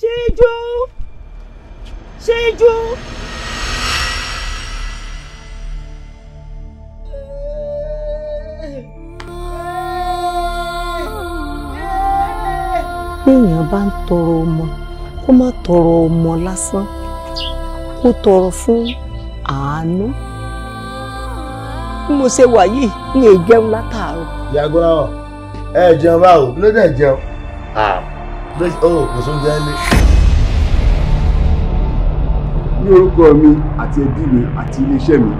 ṣíjú ṣíjú. téèyàn bá ń tọrọ ọmọ kó má tọrọ ọmọ lásán kó tọrọ fún àánú mo ṣe wà yìí ní èjẹun látàárọ̀. ìyá gbọ́dọ̀ ẹ jẹun báwo ló dé jẹun bẹ́ẹ̀ ọ kò sóúnjẹ ẹ lé. ní orúkọ mi àti ẹbí mi àti iléeṣẹ́ mi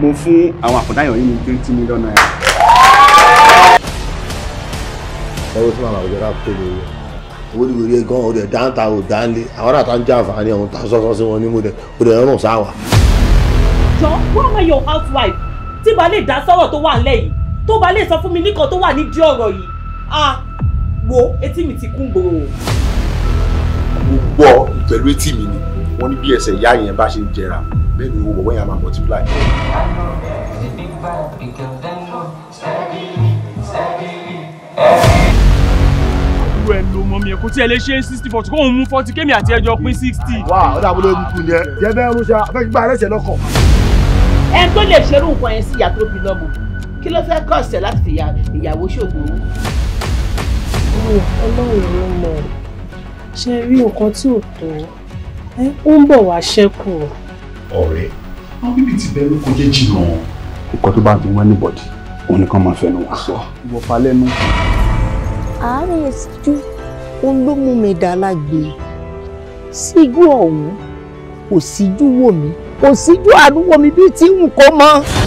mo fún àwọn àkọ́dáyàn yìí ní twenty million naira. ẹ wo sí màmá àwùjọ ká pè mí owó ní orí gan ọdẹ dáńtà ò dáńlé àwọn náà tá ń jàǹfààní ọ̀hún tá sọ́sọ́ sí wọn ní mo dẹ o dẹ rún sáwà. jọ wọ́n máa yọ housewife tí bá lè dá sọ́rọ̀ tó wà ńlẹ̀ yìí tó bá lè sọ fún mi nìkan tó wà nídìí ọ̀rọ̀ yìí ah, wo etí mi ti kún gbòòrò. mo gbọ́ pẹ̀lú etí mi ni wọ́n ní bí ẹsẹ̀ ìyá yẹn bá ṣe ń jẹra bẹ́ẹ̀ ni owó bọ̀wọ́ máa multiply. irú ẹ ló mọ mi ẹ kò tí ẹ lè ṣe sixty forty kóun mú forty kémi àti ẹjọ pín sixty. wà á dàbọ̀ ló ń kun yẹn jẹ́ bẹ́ẹ̀ ń ṣá fẹ́ gbá ẹlẹ́sẹ̀ lọ́kọ̀. ẹ tó lè ṣerú nǹkan yẹn sí ìyá tó bí lọ́mọ kí ló fẹ́ kọ́ ọ̀sẹ̀ láti fi ìyàwó ṣògbó ọlọ́run ló mọ̀ ṣe rí nǹkan tí ò tó ó ń bọ̀ wá ṣẹ́kù. ọ̀rẹ́ wọn bíbí ti bẹ ló kọjá jìnnà. nǹkan tó bá dùn wá níbọ̀dì òun nìkan máa fẹnu wá sọ. ìwọ fa lẹ́nu. àárẹ̀ ìṣíjú òun ló mú mi dá lágbe síjú ọ̀hún kò síjú wò mí kò síjú àdúgbò mi bíi tí nǹkan mọ́.